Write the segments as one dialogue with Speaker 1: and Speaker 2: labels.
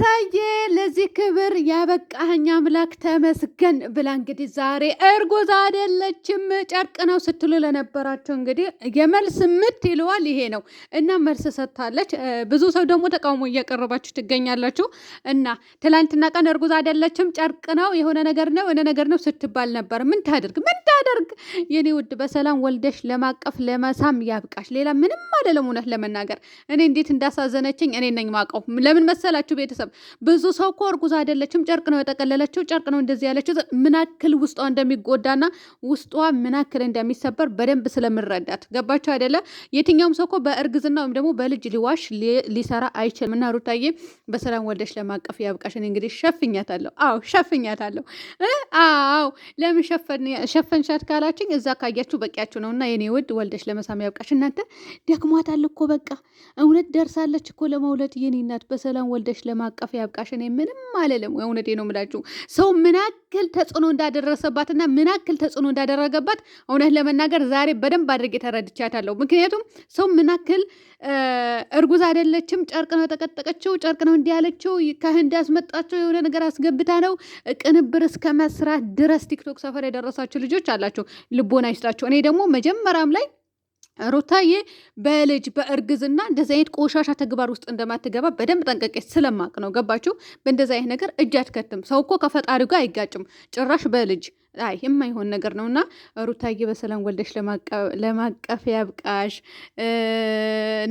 Speaker 1: ሩታዬ ለዚህ ክብር ያበቃኸኝ አምላክ ተመስገን ብላ እንግዲህ ዛሬ እርጉዝ አይደለችም ጨርቅ ነው ስትሉ ለነበራቸው እንግዲህ የመልስ ምት ይለዋል ይሄ ነው እና መልስ ሰጥታለች። ብዙ ሰው ደግሞ ተቃውሞ እያቀረባችሁ ትገኛላችሁ። እና ትላንትና ቀን እርጉዝ አይደለችም ጨርቅ ነው የሆነ ነገር ነው የሆነ ነገር ነው ስትባል ነበር። ምን ታደርግ ምን ታደርግ የኔ ውድ በሰላም ወልደሽ ለማቀፍ ለመሳም ያብቃሽ። ሌላ ምንም አይደለም። እውነት ለመናገር እኔ እንዴት እንዳሳዘነችኝ እኔ ነኝ ማቀው። ለምን መሰላችሁ ቤተሰብ አታውቅም። ብዙ ሰው እኮ እርጉዝ አይደለችም፣ ጨርቅ ነው የጠቀለለችው፣ ጨርቅ ነው እንደዚህ ያለችው። ምናክል ውስጧ እንደሚጎዳና ውስጧ ምናክል እንደሚሰበር በደንብ ስለምረዳት ገባቸው አይደለ? የትኛውም ሰው እኮ በእርግዝና ወይም ደግሞ በልጅ ሊዋሽ ሊሰራ አይችልም። እና ሩታዬ በሰላም ወልደሽ ለማቀፍ ያብቃሽን። እንግዲህ ሸፍኛታለሁ። አዎ ሸፍኛታለሁ። አዎ ለምን ሸፈንሻት ካላችኝ እዛ ካያችሁ በቂያችሁ ነው። እና የኔ ውድ ወልደሽ ለመሳም ያብቃሽ። እናንተ ደክሟታል እኮ በቃ እውነት ደርሳለች እኮ ለመውለድ የኔ እናት። በሰላም ወልደሽ ለማቀፍ አቀፍ ያብቃሽ። እኔ ምንም አልልም። እውነቴ ነው የምላችሁ ሰው ምናክል ተጽዕኖ እንዳደረሰባትና ምናክል ተጽዕኖ እንዳደረገባት እውነት ለመናገር ዛሬ በደንብ አድርጌ ተረድቻታለሁ። ምክንያቱም ሰው ምናክል እርጉዝ አይደለችም፣ ጨርቅ ነው የጠቀጠቀችው፣ ጨርቅ ነው እንዲህ ያለችው፣ ከህንድ ያስመጣቸው የሆነ ነገር አስገብታ ነው ቅንብር እስከ መስራት ድረስ ቲክቶክ ሰፈር የደረሳችሁ ልጆች አላቸው። ልቦና ይስጣቸው። እኔ ደግሞ መጀመሪያም ላይ ሩታዬ በልጅ በእርግዝና እንደዚህ አይነት ቆሻሻ ተግባር ውስጥ እንደማትገባ በደንብ ጠንቀቄ ስለማቅ ነው። ገባችሁ? በእንደዚህ አይነት ነገር እጅ አትከትም። ሰው እኮ ከፈጣሪው ጋር አይጋጭም። ጭራሽ በልጅ አይ የማይሆን ነገር ነው እና ሩታዬ በሰላም ወልደሽ ለማቀፍ ያብቃሽ።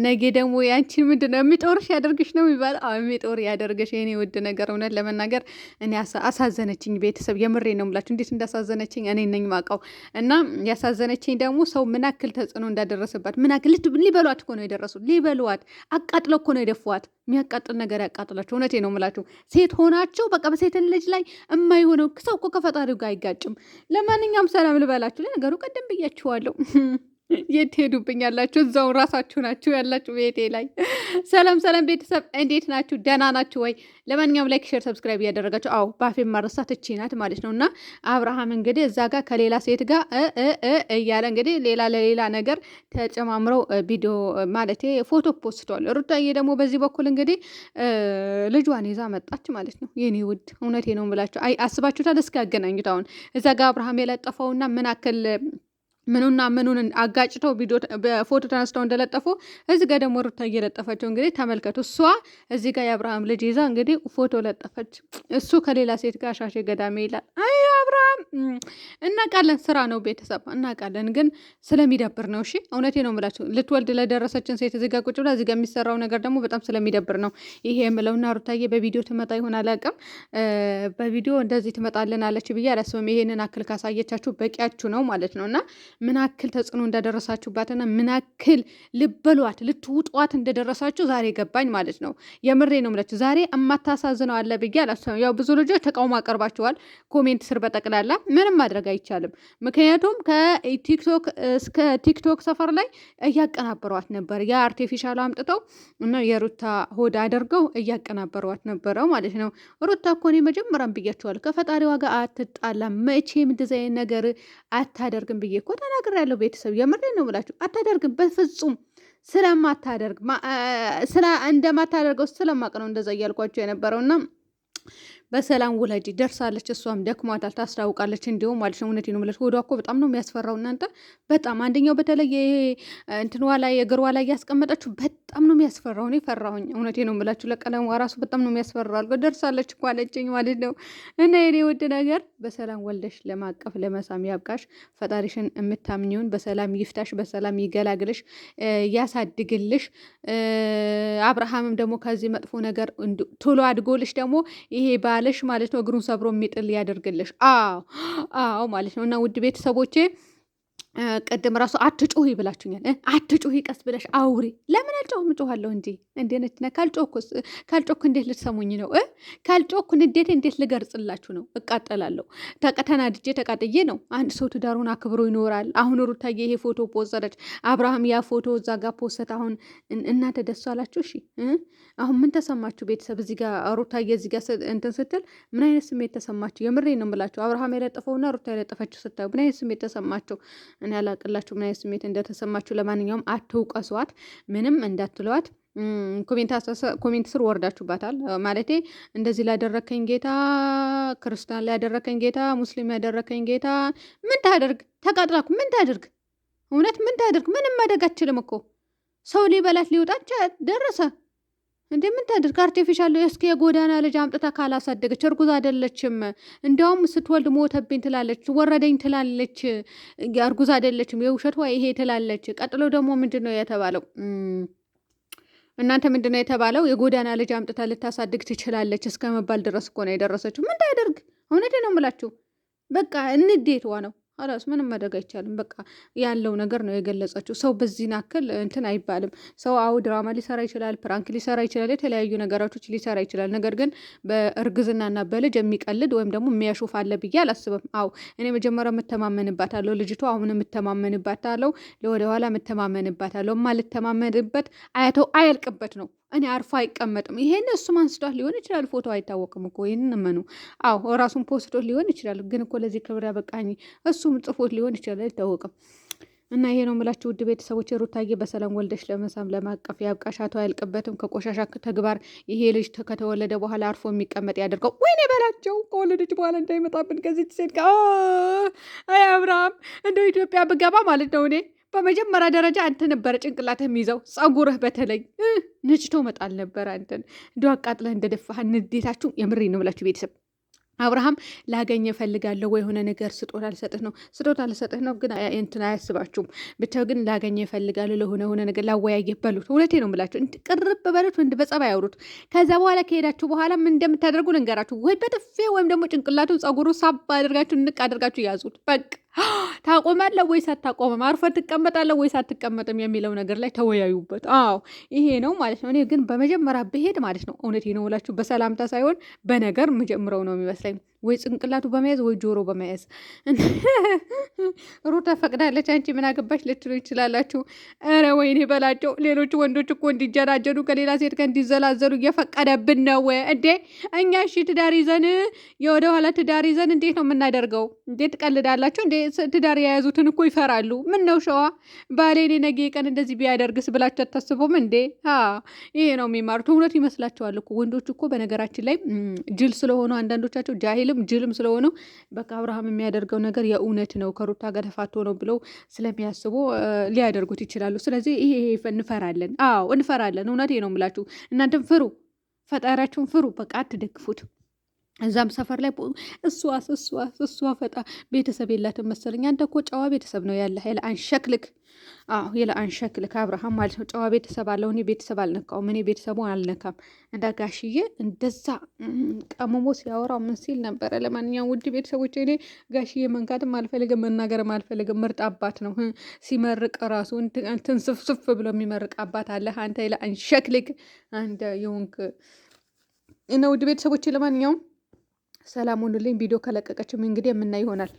Speaker 1: ነጌ ደግሞ ያንቺን ምንድን ነው የሚጦርሽ ያደርግሽ ነው የሚባለው። አዎ የሚጦር ያደርግሽ የኔ ውድ ነገር። እውነት ለመናገር እኔ አሳዘነችኝ ቤተሰብ፣ የምሬ ነው የምላችሁ እንዴት እንዳሳዘነችኝ እኔ ነኝ ማውቀው። እና ያሳዘነችኝ ደግሞ ሰው ምን ያክል ተጽዕኖ እንዳደረሰባት ምናክል ሊበሏት እኮ ነው የደረሱት። ሊበሏት አቃጥለው እኮ ነው የደፏት። የሚያቃጥል ነገር ያቃጥላቸው። እውነቴ ነው የምላቸው። ሴት ሆናቸው በቃ በሴት ልጅ ላይ የማይሆነው ሰው እኮ ከፈጣሪው ጋር አይጋጭም። ለማንኛውም ሰላም ልበላችሁ። ለነገሩ ቀደም ብያችኋለሁ። የት ሄዱብኝ ያላችሁ እዛው ራሳችሁ ናችሁ ያላችሁ ቤቴ ላይ። ሰላም ሰላም ቤተሰብ እንዴት ናችሁ? ደህና ናችሁ ወይ? ለማንኛውም ላይክ፣ ሼር፣ ሰብስክራይብ እያደረጋችሁ አዎ፣ ባፌ ማረሳት እቺ ናት ማለት ነው። እና አብርሃም እንግዲህ እዛ ጋር ከሌላ ሴት ጋር እያለ እንግዲህ ሌላ ለሌላ ነገር ተጨማምረው ቪዲዮ ማለት ፎቶ ፖስቷል። ሩታዬ ደግሞ በዚህ በኩል እንግዲህ ልጇን ይዛ መጣች ማለት ነው። የኔ ውድ እውነቴ ነው ብላችሁ አስባችሁታል። እስኪ ያገናኙት አሁን እዛ ጋር አብርሃም የለጠፈውና ምን አክል ምኑና ምኑን አጋጭተው ፎቶ ተነስተው እንደለጠፉ እዚ ጋ ደግሞ ሩታ እየለጠፈችው እንግዲህ ተመልከቱ። እሷ እዚ ጋ የአብርሃም ልጅ ይዛ እንግዲህ ፎቶ ለጠፈች። እሱ ከሌላ ሴት ጋር ሻሼ ገዳሜ ይላል። አይ አብርሃም እናቃለን፣ ስራ ነው ቤተሰብ እናውቃለን፣ ግን ስለሚደብር ነው። እሺ እውነቴ ነው የምላችሁ ልትወልድ ለደረሰችን ሴት እዚህ ቁጭ ብላ እዚጋ የሚሰራው ነገር ደግሞ በጣም ስለሚደብር ነው ይሄ እና ሩታዬ በቪዲዮ ትመጣ ይሆን አላውቅም። በቪዲዮ እንደዚህ ትመጣልን አለች ብዬ አላስብም። ይሄንን አክል ካሳየቻችሁ በቂያችሁ ነው ማለት ነው እና ምናክል ተጽዕኖ ምን ምናክል ልበሏት ልትውጧት እንደደረሳችሁ ዛሬ ገባኝ ማለት ነው። የምሬ ነው የምላችሁ። ዛሬ እማታሳዝነው አለ ብዬ አላስብም። ያው ብዙ ልጆች ተቃውሞ አቀርባችኋል ኮሜንት ስር በጠቅላላ ምንም ማድረግ አይቻልም። ምክንያቱም ከቲክቶክ እስከ ቲክቶክ ሰፈር ላይ እያቀናበሯት ነበር። ያ አርቲፊሻሉ አምጥተው እና የሩታ ሆድ አድርገው እያቀናበሯት ነበረው ማለት ነው። ሩታ እኮ እኔ መጀመሪያም ብያችኋል ከፈጣሪዋ ጋር አትጣላ መቼም እንደዚያ ነገር አታደርግም ብዬ እኮ ተናግር ያለው ቤተሰብ የምሬ ነው ብላችሁ አታደርግም፣ በፍጹም ስለማታደርግ ስራ እንደማታደርገው ስለማቅ ነው እንደዛ እያልኳቸው የነበረው የነበረውና በሰላም ውለጅ ደርሳለች። እሷም ደክሟታል፣ ታስታውቃለች። እንዲሁም ማለት ነው እውነት ነው የምልሽ ሆዷ እኮ በጣም ነው የሚያስፈራው እናንተ። በጣም አንደኛው በተለይ እንትንዋ ላይ እግሯ ላይ ያስቀመጠችው በጣም ነው የሚያስፈራው። እኔ ፈራሁኝ። እውነቴ ነው የምላችሁ። ለቀለሟ ራሱ በጣም ነው የሚያስፈራው። አልጋ ደርሳለች እኮ አለችኝ ማለት ነው። እና የኔ ውድ ነገር በሰላም ወልደሽ ለማቀፍ ለመሳም ያብቃሽ። ፈጣሪሽን የምታምኚውን በሰላም ይፍታሽ፣ በሰላም ይገላግልሽ፣ ያሳድግልሽ። አብርሃምም ደግሞ ከዚህ መጥፎ ነገር ቶሎ አድጎልሽ ደግሞ ይሄ ባለሽ ማለት ነው እግሩን ሰብሮ የሚጥል ያደርግልሽ። አዎ አዎ ማለት ነው። እና ውድ ቤተሰቦቼ ቅድም ራሱ አትጮሂ ብላችሁኛል። አትጮሂ ቀስ ብለሽ አውሪ። ለምን አልጮህም? እጮኋለሁ እንጂ እንዴነች ካልጮኩ እንዴት ልትሰሙኝ ነው? ካልጮኩ ንዴቴ እንዴት ልገርጽላችሁ ነው? እቃጠላለሁ። ተናድጄ ተቃጥዬ ነው። አንድ ሰው ትዳሩን አክብሮ ይኖራል። አሁን ሩታዬ ይሄ ፎቶ ፖሰረች፣ አብርሃም ያ ፎቶ እዛ ጋር ፖሰት። አሁን እናንተ ደስ አላችሁ? እሺ አሁን ምን ተሰማችሁ ቤተሰብ? እዚህ ጋር ሩታዬ እዚህ ጋር እንትን ስትል ምን አይነት ስሜት ተሰማችሁ? የምሬ ነው ምላችሁ አብርሃም የለጠፈውና ሩታ የለጠፈችው ስታዩ ምን አይነት ስሜት ተሰማችሁ? እኔ አላቅላችሁ ምን አይነት ስሜት እንደተሰማችሁ። ለማንኛውም አትውቀሷት፣ ምንም እንዳትለዋት። ኮሜንት ስር ወርዳችሁባታል ማለቴ እንደዚህ ላደረከኝ ጌታ፣ ክርስቲያን ላደረከኝ ጌታ፣ ሙስሊም ያደረከኝ ጌታ ምን ታደርግ? ተቃጥላኩ ምን ታደርግ? እውነት ምን ታደርግ? ምንም ማደግ አትችልም እኮ ሰው ሊበላት ሊወጣች ደረሰ። እንደምታደርግ አርቲፊሻል እስኪ የጎዳና ልጅ አምጥታ ካላሳደገች እርጉዝ አይደለችም። እንዲያውም ስትወልድ ሞተብኝ ትላለች፣ ወረደኝ ትላለች፣ እርጉዝ አይደለችም፣ የውሸት ይሄ ትላለች። ቀጥሎ ደግሞ ምንድን ነው የተባለው? እናንተ ምንድን ነው የተባለው? የጎዳና ልጅ አምጥታ ልታሳድግ ትችላለች እስከ መባል ድረስ እኮ ነው የደረሰችው። ምን ታደርግ? እውነቴን ነው የምላችሁ። በቃ እንዴትዋ ነው አላስ ምንም ማድረግ አይቻልም። በቃ ያለው ነገር ነው የገለጸችው። ሰው በዚህ ናክል እንትን አይባልም። ሰው አው ድራማ ሊሰራ ይችላል፣ ፕራንክ ሊሰራ ይችላል፣ የተለያዩ ነገራቶች ሊሰራ ይችላል። ነገር ግን በእርግዝናና በልጅ የሚቀልድ ወይም ደግሞ የሚያሾፍ አለ ብዬ አላስብም። አው እኔ መጀመሪያ የምተማመንባት አለው ልጅቱ አሁን የምተማመንባት አለው፣ ለወደኋላ የምተማመንባት አለው። የማልተማመንበት አያተው አያልቅበት ነው እኔ አርፎ አይቀመጥም። ይሄን እሱም አንስቷት ሊሆን ይችላል፣ ፎቶ አይታወቅም እኮ ይህን እመኑ። አዎ ራሱን ፖስቶት ሊሆን ይችላል፣ ግን እኮ ለዚህ ክብር ያበቃኝ እሱም ጽፎት ሊሆን ይችላል፣ አይታወቅም። እና ይሄ ነው የምላችሁ ውድ ቤተሰቦች፣ ሩታዬ በሰላም ወልደሽ ለመሳም ለማቀፍ ያብቃሽ። አያልቅበትም ከቆሻሻ ተግባር ይሄ ልጅ ከተወለደ በኋላ አርፎ የሚቀመጥ ያደርገው። ወይኔ በላቸው ከወለደች በኋላ እንዳይመጣብን ከዚች ሴት ጋር አይ አብርሃም እንደው ኢትዮጵያ ብገባ ማለት ነው እኔ በመጀመሪያ ደረጃ አንተ ነበረ ጭንቅላት የሚይዘው ጸጉርህ በተለይ ነጭቶ መጣል ነበረ። አንተን እንዲ አቃጥለህ እንደደፋህ ንዴታችሁ የምሬ ነው ብላችሁ ቤተሰብ አብርሃም ላገኘ እፈልጋለሁ ወይ የሆነ ነገር ስጦታ ልሰጥህ ነው ስጦታ ልሰጥህ ነው ግን እንትን አያስባችሁም ብቻ ግን ላገኘ እፈልጋለሁ ለሆነ የሆነ ነገር ላወያየ በሉት እውነቴ ነው የምላችሁ ቅርብ በሉት ወንድ በጸባይ አውሩት ከዛ በኋላ ከሄዳችሁ በኋላ ምን እንደምታደርጉ ልንገራችሁ ወይ በጥፌ ወይም ደግሞ ጭንቅላቱን ጸጉሩ ሳብ አድርጋችሁ ንቅ አድርጋችሁ ያዙት በቃ ታቆማለ ወይስ አታቆምም? አርፈ ትቀመጣለ ወይስ አትቀመጥም? የሚለው ነገር ላይ ተወያዩበት። አዎ ይሄ ነው ማለት ነው። እኔ ግን በመጀመሪያ ብሄድ ማለት ነው እውነቴን ነው እላችሁ በሰላምታ ሳይሆን በነገር ምጀምረው ነው የሚመስለኝ። ወይ ጭንቅላቱ በመያዝ ወይ ጆሮ በመያዝ ሩታ ፈቅዳለች። አንቺ ምን አገባሽ ልትሉ ይችላላችሁ። ኧረ ወይኔ በላቸው። ሌሎች ወንዶች እኮ እንዲጀናጀኑ ከሌላ ሴት ጋር እንዲዘላዘሉ እየፈቀደብን ነው እንዴ? እኛ እሺ ትዳር ይዘን የወደኋላ ትዳር ይዘን እንዴት ነው የምናደርገው? እንዴት ትቀልዳላችሁ እንዴ? ትዳር የያዙትን እኮ ይፈራሉ። ምን ነው ሸዋ ባሌኔ ነገ ቀን እንደዚህ ቢያደርግስ ብላችሁ አታስቡም እንዴ? ይሄ ነው የሚማሩት። እውነት ይመስላችኋል እኮ ወንዶች እኮ በነገራችን ላይ ጅል ስለሆኑ አንዳንዶቻቸው ጃሂልም ምክንያቱም ጅልም ስለሆነው በቃ አብርሃም የሚያደርገው ነገር የእውነት ነው ከሩታ ጋር ተፋቶ ነው ብለው ስለሚያስቡ ሊያደርጉት ይችላሉ። ስለዚህ ይሄ እንፈራለን። አዎ እንፈራለን። እውነቴ ነው የምላችሁ። እናንተም ፍሩ፣ ፈጣሪያችሁን ፍሩ። በቃ አትደግፉት። እዛም ሰፈር ላይ እሷስ እሷስ እሷ ፈጣ ቤተሰብ የላትም መሰለኝ። አንተ እኮ ጨዋ ቤተሰብ ነው ያለ ኃይል አንሸክልክ። አዎ የለ አንሸክልክ አብርሃም ማለት ነው። ጨዋ ቤተሰብ አለው። እኔ ቤተሰብ አልነካውም። እኔ ቤተሰቡ አልነካም። እንደ ጋሽዬ እንደዛ ቀመሞ ሲያወራው ምን ሲል ነበረ? ለማንኛውም ውድ ቤተሰቦች እኔ ጋሽዬ መንካትም አልፈልግም፣ መናገርም አልፈልግም። ምርጥ አባት ነው። ሲመርቅ ራሱ እንትን ስፍስፍ ብሎ የሚመርቅ አባት አለ። አንተ የለ አንሸክልክ። አንተ የሆንክ እነ ውድ ቤተሰቦች ለማንኛውም ሰላም ሁኑልኝ። ቪዲዮ ከለቀቀችም እንግዲህ የምናይ ይሆናል።